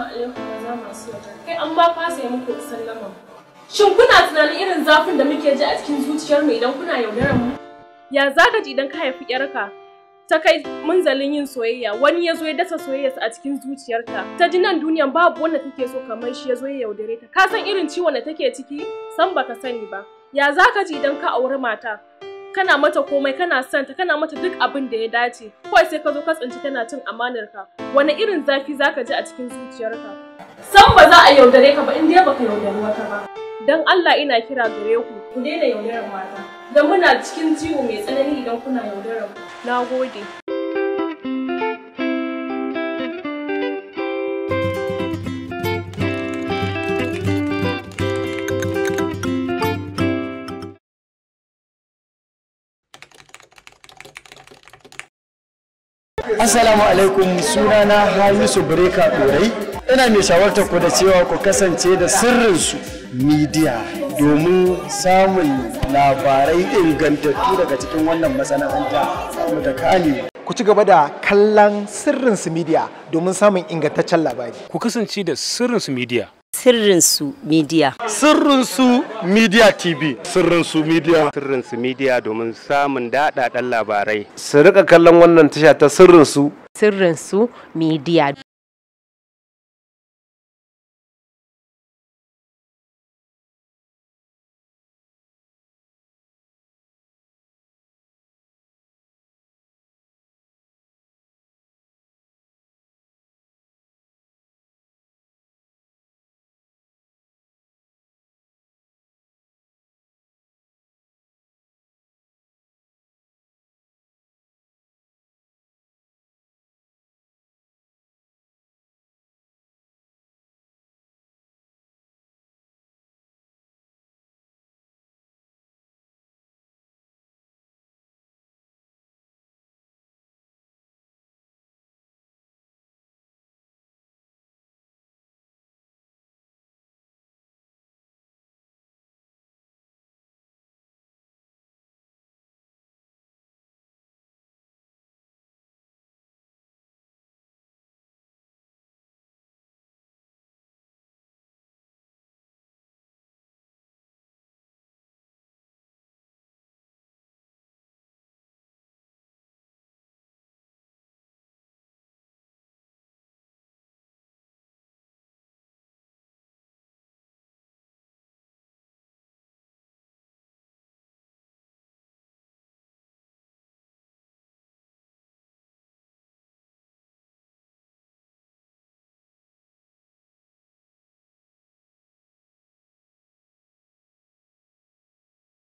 assalamu alaikum maza masu yau kai an ba fasa yi muku sallama shin kuna tunanin irin zafin da muke ji a cikin zuciyar mu idan kuna yaudaran mu ya zaka ji idan ka haifi yarka ta kai munzalin yin soyayya wani ya zo ya dasa soyayyarsa a cikin zuciyarka ta ji nan duniyan babu wanda take so kamar shi ya zo ya yaudare ta ka san irin ciwon da take ciki san baka sani ba ya zaka ji idan ka auri mata kana mata komai kana son ta kana mata duk abin da ya dace kawai sai ka zo ka tsinci tana cin amanar ka wani irin zafi zaka ji a cikin zuciyarka san ba za a yaudare ka ba in dai baka yaudari wata ba dan Allah ina kira gare ku ku daina yaudarar mata dan muna cikin ciwo mai tsanani idan kuna yaudarar nagode Assalamu alaikum sunana Hamisu Breka Dorai. Ina mai shawartar ku da cewa ku kasance da sirrinsu midiya domin samun labarai ingantattu daga cikin wannan masana'anta da kani. Ku ci gaba da kallon sirrinsu midiya domin samun ingantaccen labari. Ku kasance da sirrinsu midiya Sirrinsu Media. Sirrinsu Media TV. Sirrinsu Media. Sirrinsu Media domin samun daɗaɗen labarai. Su rika kallon wannan tasha ta Sirrinsu. Sirrinsu Media.